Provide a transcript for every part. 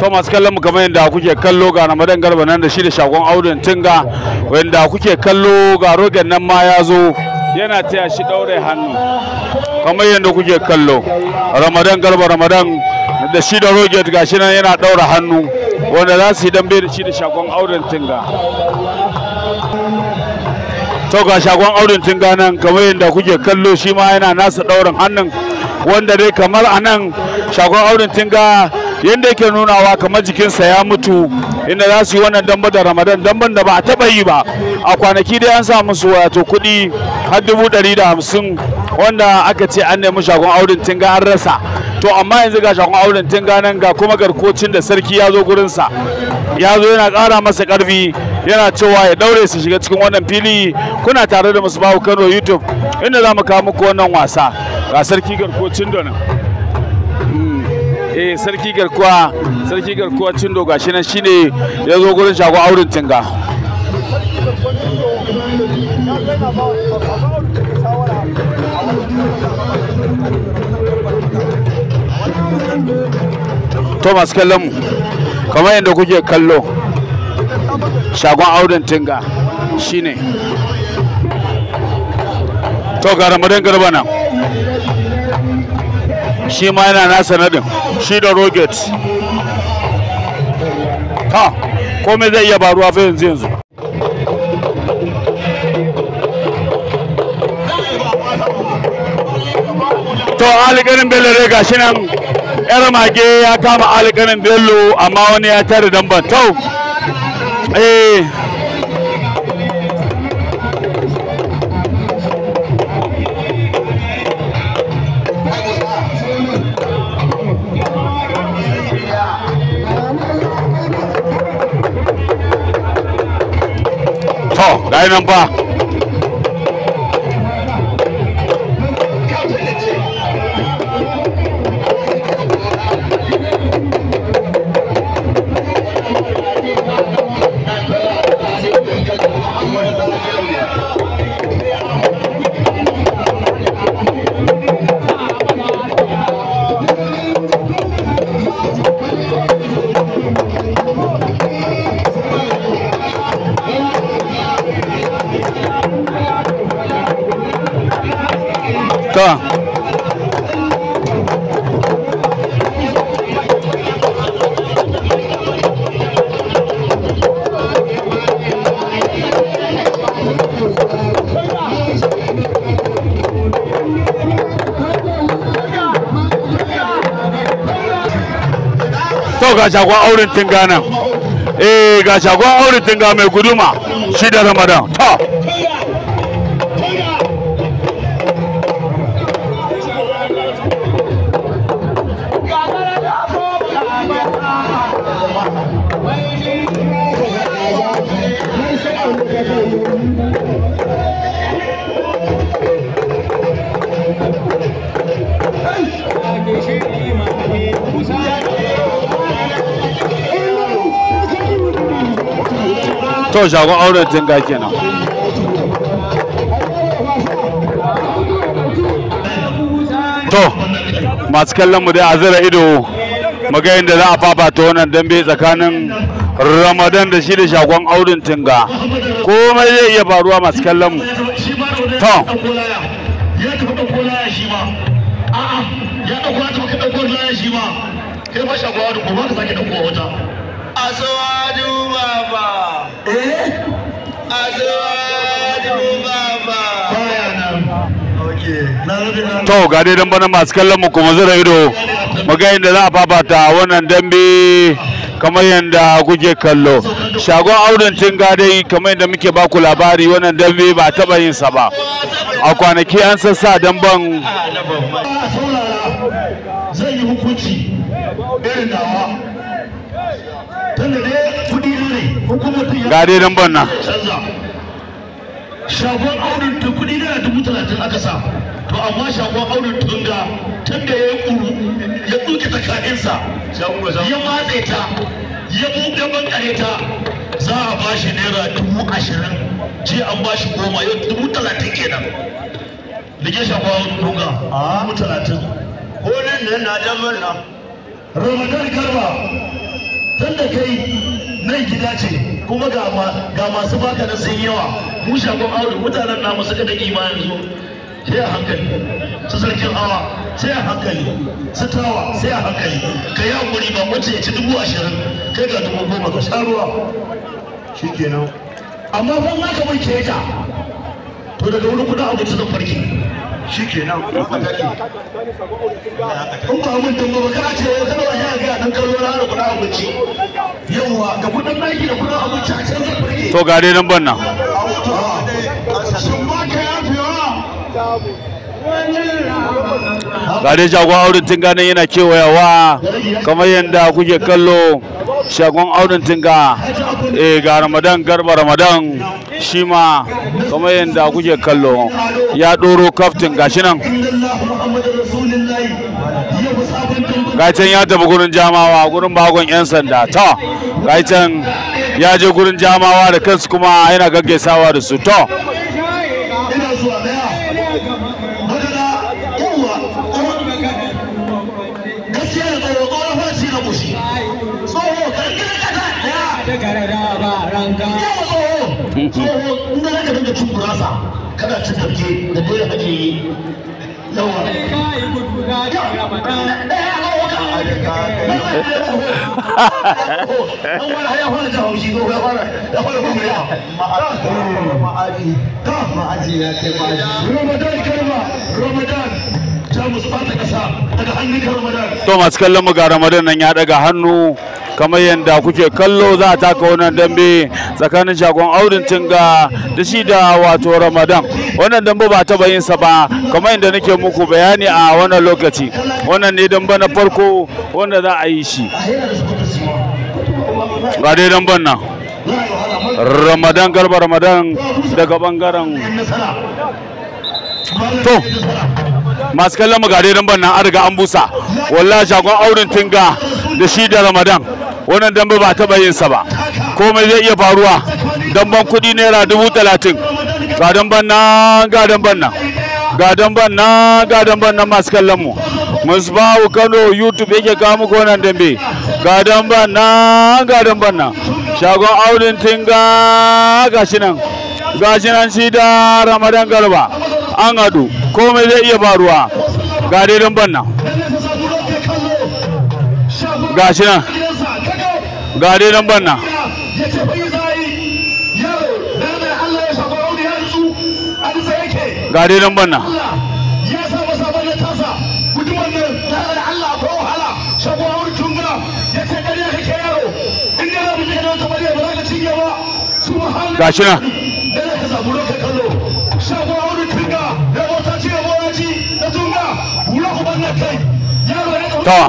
to masu kallon mu kamar yadda kuke kallo ga ramadan garba nan da shi da shagon audun tinga wanda kuke kallo ga rogen nan ma ya zo yana taya shi daure hannu kamar yadda kuke kallo ramadan garba ramadan da shi da roget gashi nan yana daura hannu wanda za su yi dambe da shi da shagon audun tinga to ga shagon audun tinga nan kamar yadda kuke kallo shi ma yana nasa daurin hannun wanda dai kamar a nan shagon auren tinga yadda yake nunawa kamar jikinsa ya mutu inda za su yi wannan damba da ramadan damben da ba a taɓa yi ba a kwanaki dai an samu su wato kuɗi har dubu ɗari da hamsin wanda aka ce an nemi shagon auren tinga an rasa to amma yanzu ga shagon auren tun nan ga kuma garkocin da sarki ya zo gurinsa ya zo yana kara masa karfi yana cewa ya daure su shiga cikin wannan fili kuna tare da musu bawu kano youtube inda za mu kawo muku wannan wasa ga sarki garkocin da nan eh sarki garkuwa sarki garkuwa cindo gashi nan shine ya zo gurin shago auren tinga Thomas kallon kamar yadda kuke kallo shagon auren tinga shine to ga ramadan garba nan shi ma yana nasa nadin shi da roget ta komai zai iya baruwa fa yanzu yanzu to alƙarin bello dai gashi nan yar mage ya kama alƙarin bello amma wani ya tare damban to eh Aynen ba. ga shagon auren tinga nan eh ga shagon auren tinga mai guduma shi da ramadan to shagon auren jinga kenan to masu kallon mu dai a zira ido magayin da za a ta wannan dambe tsakanin ramadan da shi da shagon auren tinga komai zai iya faruwa masu kallon mu to to ga dai dan bana masu kallon mu kuma zura ido magayin da za a fafata wannan dambe kamar yadda kuke kallo shagon auren tinga dai kamar yadda muke baku labari wannan dambe ba taba yin sa ba a kwanaki an sassa damban zai yi hukunci irin nawa ga dai dan banna shagon aurin ta kudi na dubu talatin aka sa to amma shagon aurin tunga tun da ya yi kuru ya duke tsakaninsa ya matse ta ya buɗe bankare ta za a ba shi naira dubu ashirin ce an ba shi goma yau dubu talatin kenan Lige ke shagon auren tunga dubu talatin ko nan nan na dan wannan ramadan garba tun da kai nan gida ce kuma ga masu baka nan sun yawa mu shagon aure mutanen namu suka da imanin zo sai a hankali su sarkin awa sai a hankali su tawa sai a hankali ka yi hankali ba mace ya ci dubu ashirin kai ga dubu goma ka sha ruwa shi kenan amma ban haka bai ke ta to daga wani kudin abinci zan farki to ga dai nan ban nan ga dai jagon auren tun ganin yana kewayawa kamar yadda kuke kallo shagon audun tinga eh, ga ramadan garba ramadan shi ma kamar yadda kuke kallo ya ɗoro kaftin gashi nan gacen ya tafi gurin jamawa gurin bagon 'yan sanda to gacen ya je gurin jamawa da kansu kuma yana gaggaisawa da su to to masu kallon mu ga ramadan nan ya daga hannu kamar yadda kuke kallo za a taka wannan dambe tsakanin shagon audin tinga da shi da wato ramadan wannan dambe ba taba yin sa ba kamar yadda nake muku bayani a wannan lokaci wannan ne dambe na farko wanda za a yi shi ga dai damben nan ramadan garba ramadan daga bangaren to masu kallon mu ga dai damben nan an riga an busa wallahi shagon audin tinga da shi da ramadan wannan dambe ba taɓa bayin sa ba komai zai iya faruwa damban kudi naira dubu talatin ga damban na ga damban nan ga damban na ga damban nan masu kallon mu musbahu kano youtube yake kawo muku wannan dambe ga damban na ga damban nan shagon audin tinga gashi nan gashi nan shi da ramadan garba an hadu komai zai iya faruwa ga dai damban nan gashi nan ga nan banna ga dai nan banna ga shi nan ta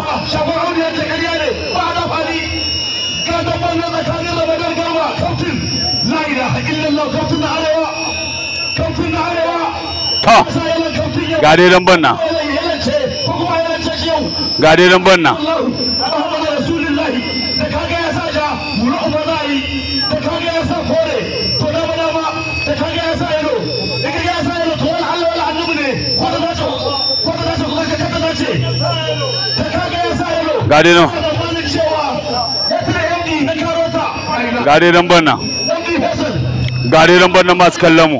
ga dai dan banna ga dai dan banna gade nan gade nan banna gade nan banna masu kallon mu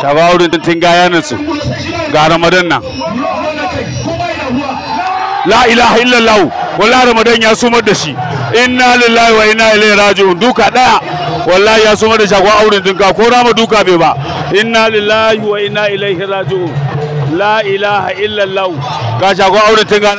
tabawurin tun gayanansu ga ramadan nan la ilaha illallah wallahi ramadan ya sumar da shi inna lillahi wa inna ilaihi raji'un duka daya wallahi ya sumar da shagon auren ka? ko rama duka bai ba inna lillahi wa inna ilaihi raji'un la ilaha illallah ga shagon auren dinka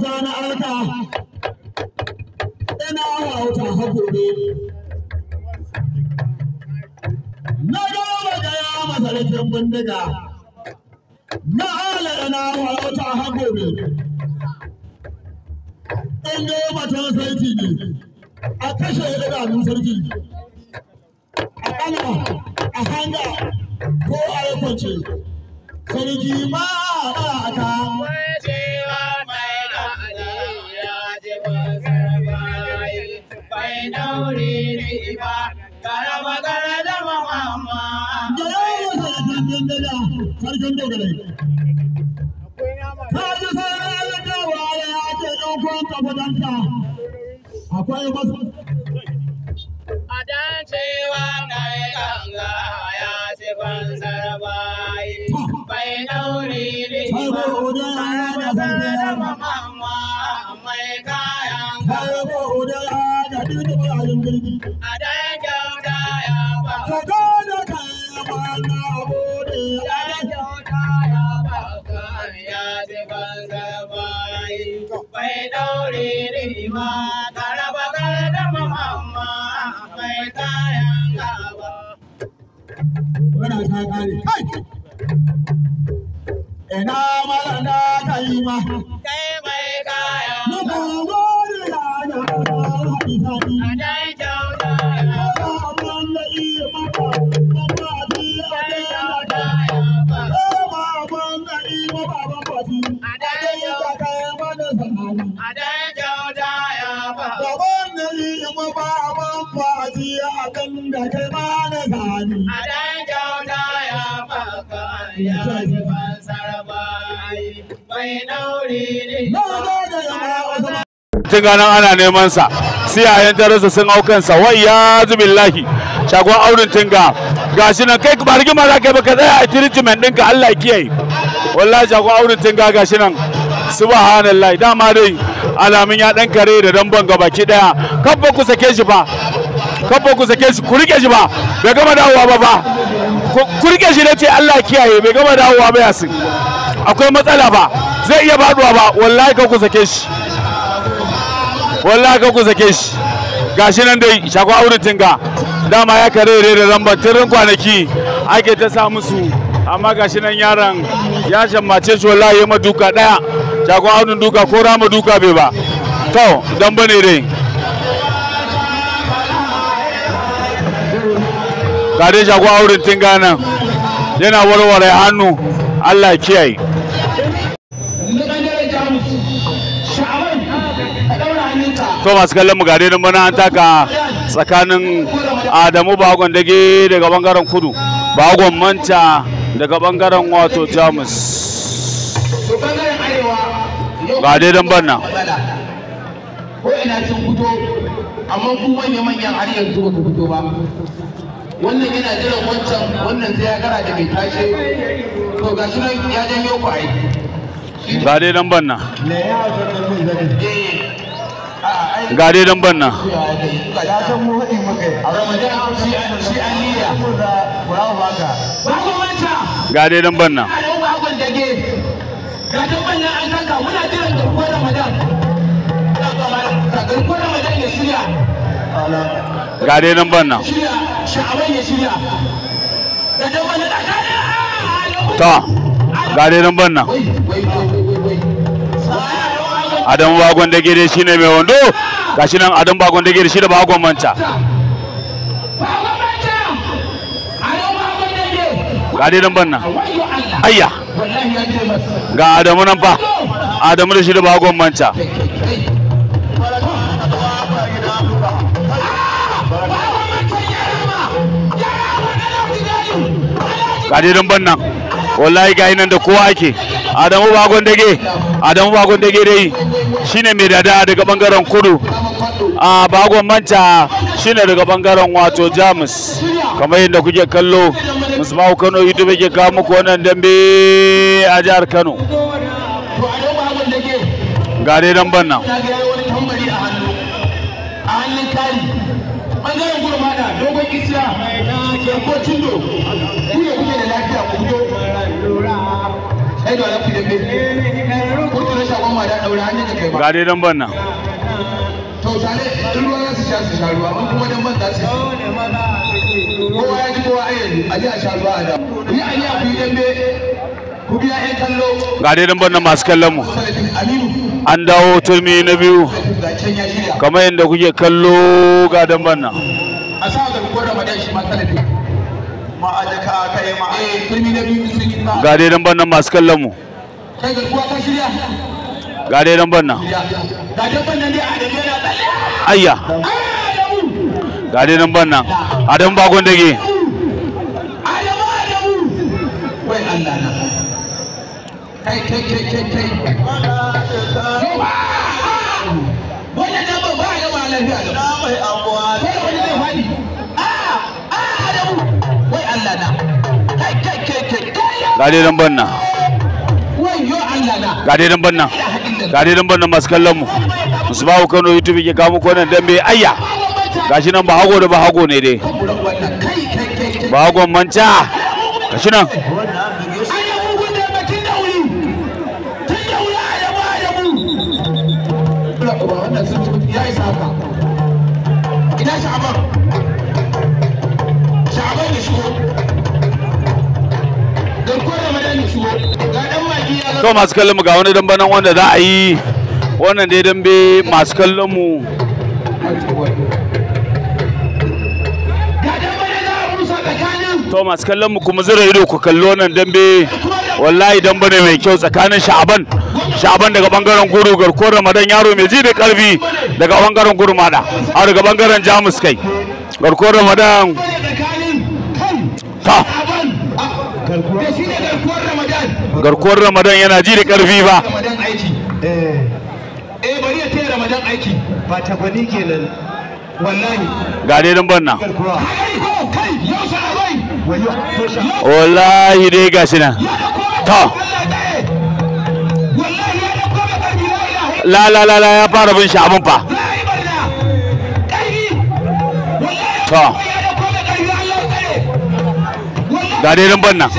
maza na auta ina hakobe na gama ga ya masarikin bindiga na ala ina hakobe in ga matan sarki ne a kashe idanun sarki a ana a hanga ko a yi kwance sarki ma a ka karaba gara da mama sarkin ya akwai masu a dan yi ya ce fansar bai da ba tare da mama mai Kaya ko da na da ba a yin A da ya kyauta ya ba. sun ganin ana neman sa siyayen tarasa sun hau kansa wai ya zubillahi shagon aurin tinga gashi nan kai ba rigima za ka yi baka tsaya a treatment ɗinka Allah kiyaye wallahi shagon aurin tinga gashi nan subhanallah dama dai alamin ya dan kare da dan banga baki daya kabba ku sake shi fa kabba ku sake shi ku rike shi ba bai gama dawowa ba fa ku rike shi nace Allah kiyaye bai gama dawowa ba yasin akwai matsala ba zai iya baduwa ba wallahi ka ku sake shi wallahi ka ku sake shi gashi nan dai shagwa auren tinga dama ya kare da lamba tirin kwanaki ake ta sa musu amma gashi nan yaron ya shammace shi wallahi ya maduka daya shagwa auren duka ko rama duka bai ba to dan bane dai ga dai auren tinga nan yana warware hannu Allah kiyaye to masu kallon mu gare nan bana an taka tsakanin Adamu Bagon Dage daga bangaren Kudu Bagon Manta daga bangaren wato Jamus ga dai dan banna ko ina sun fito amma ku manya manyan har yanzu ba ku fito ba wannan yana jiran wancan wannan sai ya gara da mai tashe to gashi nan ya janyo ku ai ga dai dan banna ne ga dai dan banna ga dai dan banna ga dai dan banna ta ga dai dan banna adam bagon da gere shi ne mai wando gashi nan adam bagon da gere shi da bagon manta ga dai dan banna ayya ga adamu nan fa adamu da shi da bagon manta ga dai dan banna wallahi ga nan da kowa ake adamu bagon dage adamu bagon dage dai shine mai dada daga bangaren kudu a bagon manta shine daga bangaren wato jamus kamar yadda kuke kallo musamman kano youtube ke kawo muku wannan dambe a jihar kano ga dai dan ga dai ban nan to zane in ruwa za su sha su sha ruwa in kuma ban za su kowa ya ji kowa ayyani a ji a sha ruwa a da ku yi aniya ku yi dambe ku biya ɗan kallo ga dai ban nan masu kallon mu an dawo turmi na biyu kamar yadda kuke kallo ga dan ban nan a sa ga ko da madan shi ma talabi ma ma a a da ka kai eh, turmi na biyu ga dai ban nan masu kallon mu kai ga kuwa ka shirya ga dai damban nan ayya ga dai damban nan adam bagon dage ga dai damban nan ga dai damban banna. ga dai lambar nan masu kallon mu musbahu kano youtube ke ko nan wannan dambe ayya gashi nan bahago da bahago ne dai bahagon manca gashi nan to masu kallon mu ga wani dambe nan wanda za a yi wannan dai dambe masu kallon mu to masu kallon mu kuma zira ido ku kallo nan dambe wallahi dambe ne mai kyau tsakanin sha'aban sha'aban daga bangaren guru garkuwar ramadan yaro mai ji da karfi daga bangaren mada a daga bangaren jamus kai garkuwar ramadan ta garkuwar ramadan yana ji da karfi ba eh. eh bari ya taya ramadan ga dai dan wallahi dai gashi nan ta la la la ya fara bin shi abin fa ta ga dai dan banna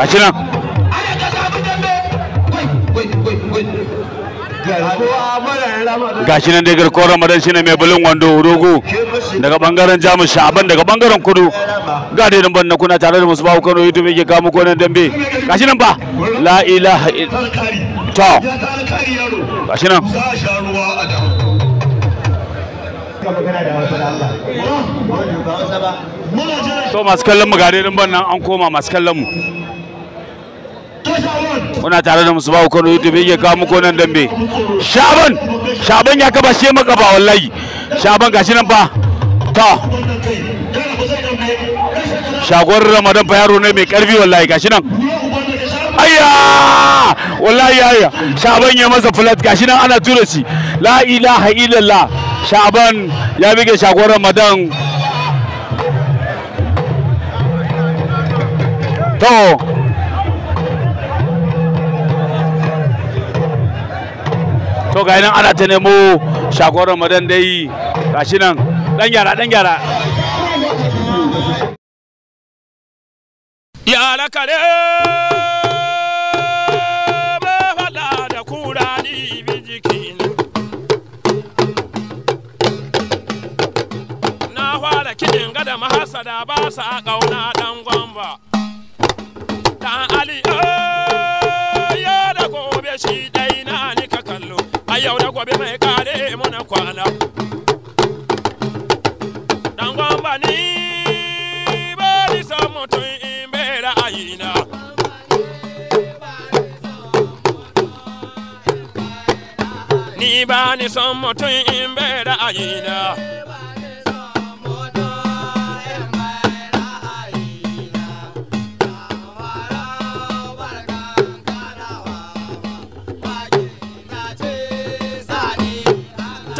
gashi nan gashi nan dai garkuwar ramadan shine mai bulin wando rogo daga bangaren jamus shaban daga bangaren kudu ga dai dan na kuna tare da musu bawo kano youtube yake kawo muku nan dambe gashi nan ba la ilaha to gashi nan to masu kallon mu ga dai dan banna an koma masu kallon mu muna tare da musu bawu kano youtube yake kawo muku nan dambe shaban shaban ya kaba shi maka ba wallahi shaban gashi nan fa ta shagon ramadan fa yaro ne mai karfi wallahi gashi nan ayya wallahi ayya shaban ya masa flat gashi nan ana tura shi la ilaha illallah shaban ya bige shagon ramadan to to ga nan ana ta nemo shagon ramadan dai gashi nan dan gyara dan gyara ya lakare kiɗin gada mahasada ba sa ƙauna ɗan gwamba da ali eh. yau da gobe mai kare muna kwana dan gwamba ni ni san mutum in bai ra'ayina ni bani ni san mutum in bai ra'ayina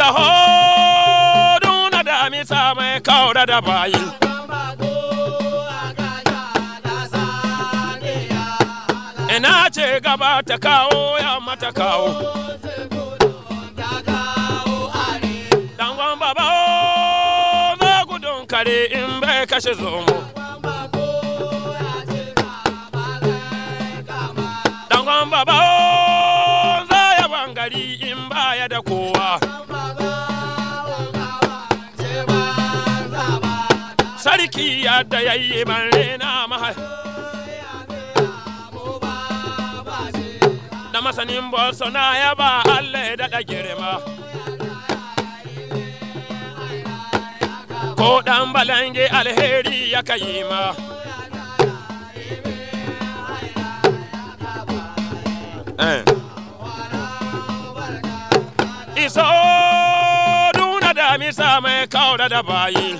damisa ho duna damisa mai kaura da bayi ina ce gaba ta kawo yamma ta kawo dangon baba o oh, gudun kare in bai kashe zomo yayye da masanin boso na ya ba Allah ya da girma ko dan balange alheri ya kai ma eh. iso da misa mai kaura da bayi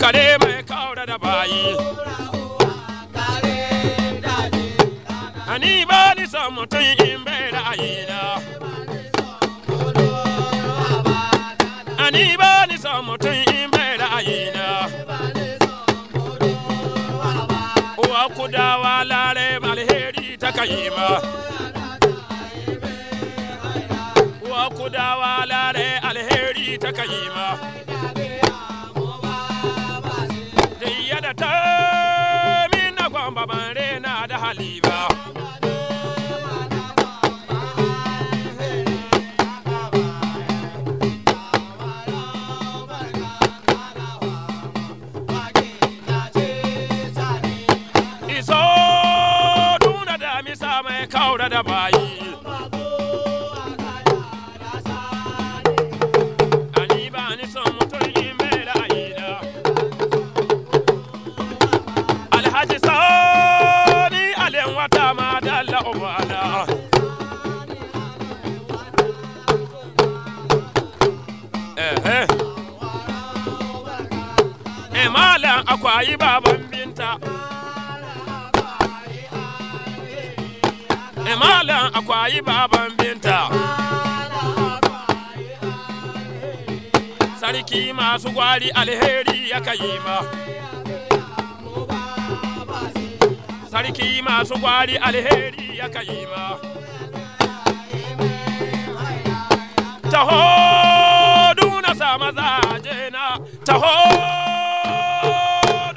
kare mai kaura da bayi ani ba ni son mutum in bai ra'ayina ani ba ni son mutum in bai ra'ayina uwa kudawa lare alheri ta ma. uwa kudawa lare alheri ta ma. Moura da yi baban binta sarki masu gwari alheri ya kayi ma sarki masu gwari alheri ya kayi ma taho duna sa maza jena, taho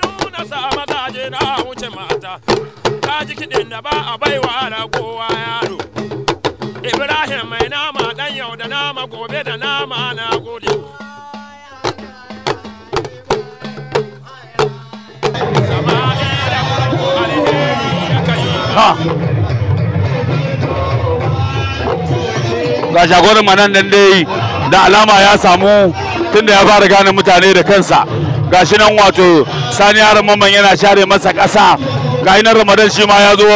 duna sa maza jena wuce mata kaji kiɗin da ba a baiwa ibrahim mai nama dan yau da nama gobe da nama na gode ga jagoran manan nan dai da alama ya samu tunda ya fara gane mutane da kansa Ga shi nan wato sani yaron mamman yana share masa ƙasa ga nan ramadan shi ma ya zo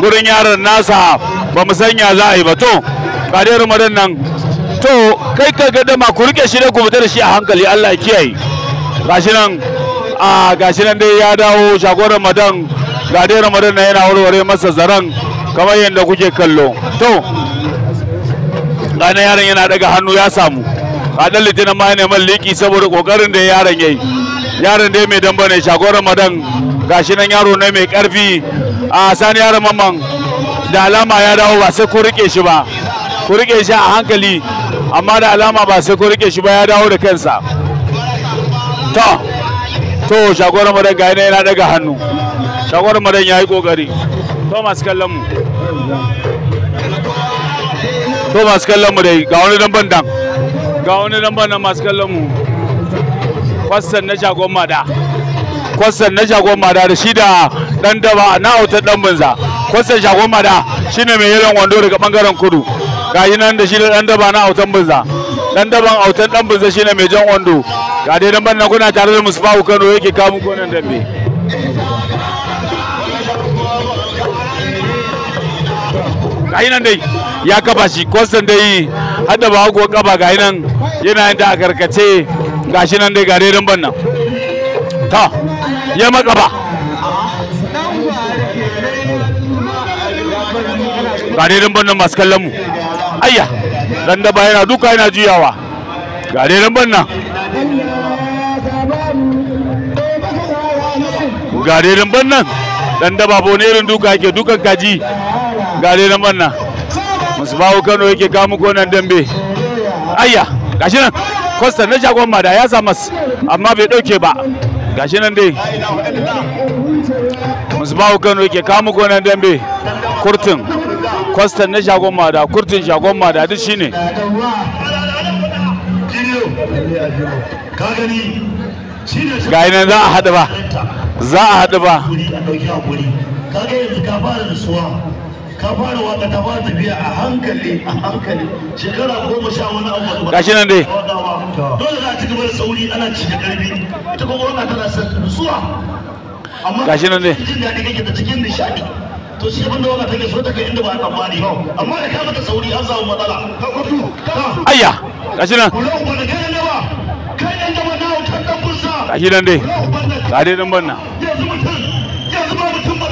gurin yaran nasa ba mu sanya za a yi ba to kadiyar madan nan to kai ka ga dama ku rike shi ne ku fita da shi a hankali Allah ya kiyaye gashi nan a gashi nan dai ya dawo shagon ramadan kadiyar madan nan yana warware masa zaren kamar yadda kuke kallo to gane yaron yana daga hannu ya samu a dan litinin ma yana malliki saboda kokarin da yaron yayi yaron dai mai damba ne shagon ramadan gashi nan yaro ne mai karfi a sani yaron mamman da alama ya dawo ba sai ku rike shi ba ku rike shi a hankali amma da alama ba sai ku rike shi ba ya dawo da kansa to to shagoran madan ga yana daga hannu shagoran madan ya yi kokari to masu kallon mu to masu kallon mu dai ga wani dan bandan ga wani dan bandan masu kallon mu fassan na shagon mada kwastan na shagon mada da shi da dan daba na autar dan banza kwastan shagon mada shine mai yalon wando daga bangaren kudu ga yi nan da shi da dan daba na autan banza dan daban autan dan banza shine mai jan wando ga dai dan banna kuna tare da musufa kano yake kamu gonan dambe yi nan dai ya kafa shi kwastan dai har ba hagu kaba yi nan yana yin da a karkace gashi nan dai ga dai dan banna ta ya makaba ga dai lambar masu kallon mu ayya dan daba yana duka yana juyawa ga dai lambar ga dai lambar nan dan daba bone irin duka yake dukan kaji ga dai lambar musu bawo kano yake kamu konan dambe ayya gashi nan kwastar na jagon mada ya sa amma bai dauke ba gashi nan dai musbahu kano yake kamu nan dambe kurtin kwastan na shagon mada kurtin shagon mada duk shine ga nan za a haɗu ba za a haɗu ba ka fara waka ta fara tafiya a hankali a hankali shekara goma sha wani abu ba shi nan dai dole za a ci gaba da sauri ana ci da karfi ita kuma waka tana san nutsuwa amma shi nan dai jin daɗi kake da cikin nishaɗi to shi abinda waka take so ta kai inda ba a tsammani ba amma da ka mata sauri an samu matsala ka gudu ayya shi nan kula ba da ba kai nan da ba na wutar dan bursa gashi nan dai ga dai dan banna yanzu mutum yanzu ba mutum ba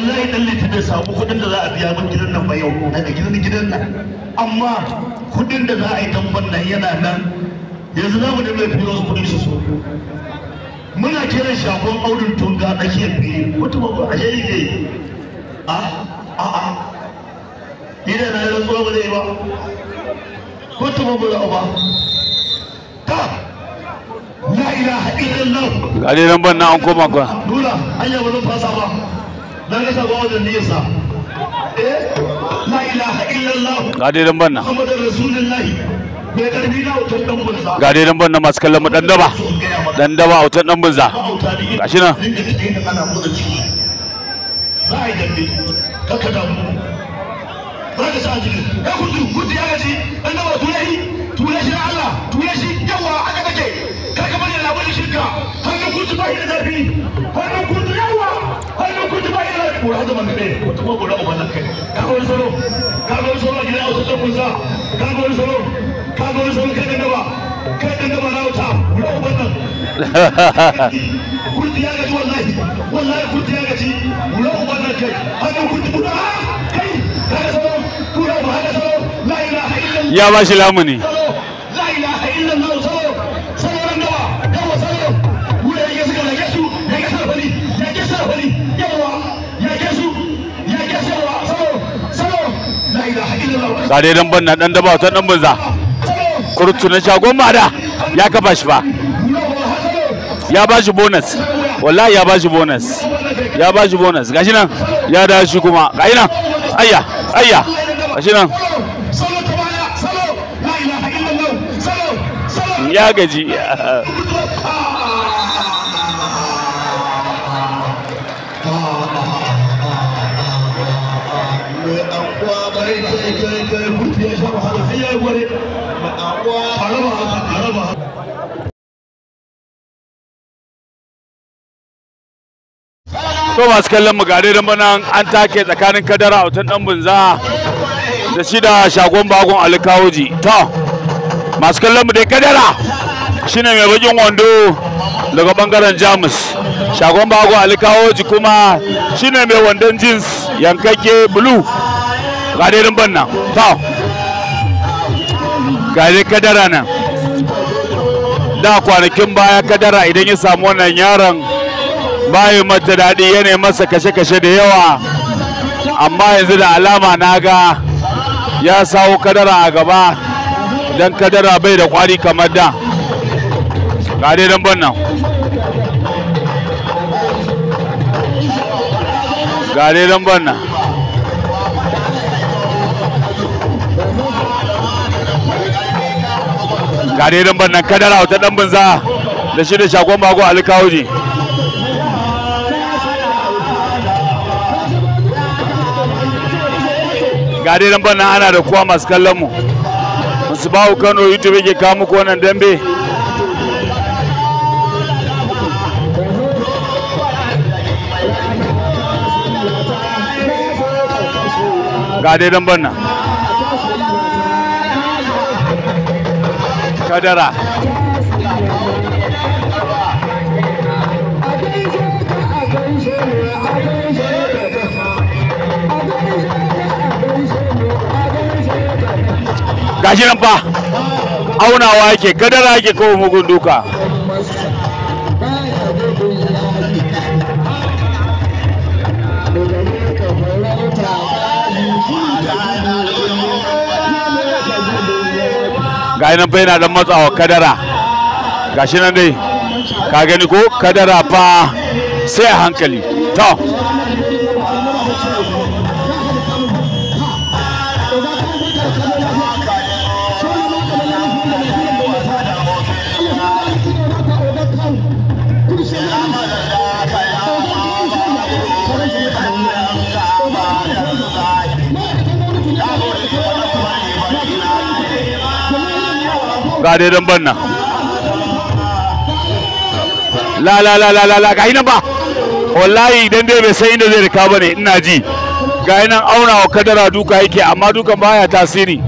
wallahi dan liti bai samu kudin da za a biya min gidan nan ba yau daga gidan gidan nan amma kudin da za a yi tamban nan yana nan yanzu za mu da mai filo su su so muna kiran shafon aurin tunga tsakiyar fili wata ba a shayi ne a a a ina na yi rantsuwa ba zai ba wata ba ba ba ta la ilaha illallah ga dai nan ban na an koma ka dula hanya ba zan fasa ba dan sa ba wajen nisa eh la ilaha illallah ga dai dan banna muhammadur rasulullahi bai karbi na wutar dan bunza ga dai dan banna masu kallon mu dan daba dan daba a wutar dan bunza gashi nan za a yi dambe kakka damu za ka sa jini ya kuntu kuntu ya gaji dan daba tuye shi tuye shi na Allah tuye shi yawa aka take kaka bari da labarin shirka hannu kutu ba da zafi hannu kutu yawa hannu kutu ba da zafi kura zama kaɗe wata kuma kura uba zaka ka ga wani solo ka wani solo a gidan autar kunsa ka ga wani solo ka wani solo kai da daba kai da daba na wuta kura uba nan kurti ya gaji wallahi wallahi kurti ya gaji kura uba nan kai hannun kutu kuta kai ka ga solo kura uba haka solo la ilaha illallah ya ba lamuni ga dai dan banna dan daba ta dan banza kurutu na shagon mada ya kafa shi ba ya ba shi bonus wallahi ya ba shi bonus ya ba shi bonus gashi nan ya da shi kuma gashi nan ayya ayya gashi nan ya gaji ko masu kallon mu gare da bana an take tsakanin kadara a wutan dan bunza da shi da shagon bagon alkawoji to masu kallon mu dai kadara shine mai bakin wando daga bangaren jamus shagon bagon alkawoji kuma shine mai wandon jeans yankake blue gare da bana to gare kadara nan da kwanakin baya kadara idan ya samu wannan yaron bayan mata daɗi yanayi masa kashe-kashe da yawa amma yanzu da alama na ga ya sawo kadara a gaba don kadara bai da kwari kamar da ga dai don nan ga dai don nan ga dai don nan kadara wata ɗan banza da shi da shagon bago alkawuji ga dai nan bana ana da kowa masu kallon mu musu bawu kano youtube yake kawo muku wannan dambe ga dai nan bana kadara gashi nan fa aunawa yake kadara yake kawo mugun duka gashi nan fa yana dan matsawa kadara gashi nan dai ka gani ko kadara fa sai a hankali to ga dai dan banna la la la la la ga ina ba wallahi idan dai bai san inda zai rika bane ina ji ga nan auna wa kadara duka yake amma dukan baya tasiri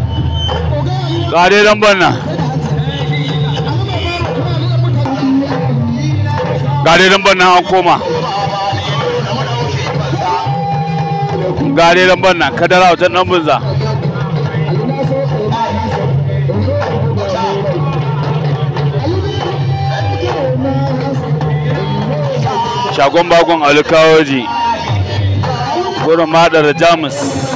ga dai dan banna ga dai dan banna an koma ga dai dan banna kadara wata dan bunza shagon bagon alkawoji gurin madar jamus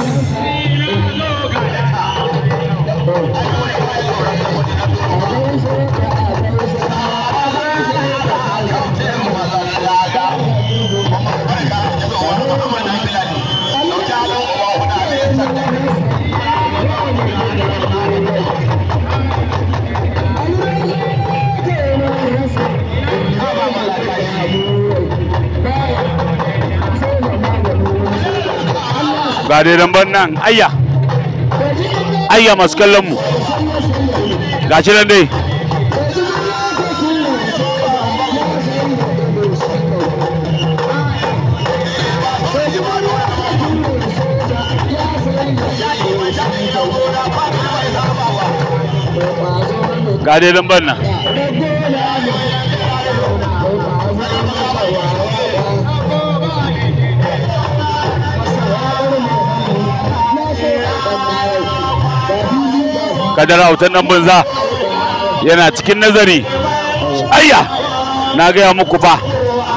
ga dai dan ban nan ayya ayya mas kallon mu ga nan dai dan nan kadar autan nan banza yana cikin nazari ayya na gaya muku fa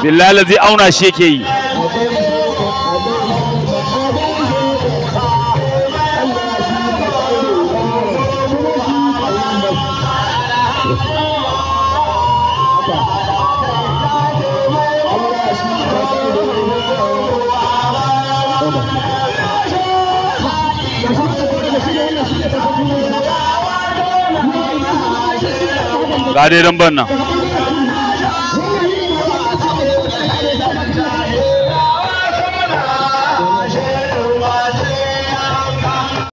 billahi zai auna shi yake yi ga dai damban nan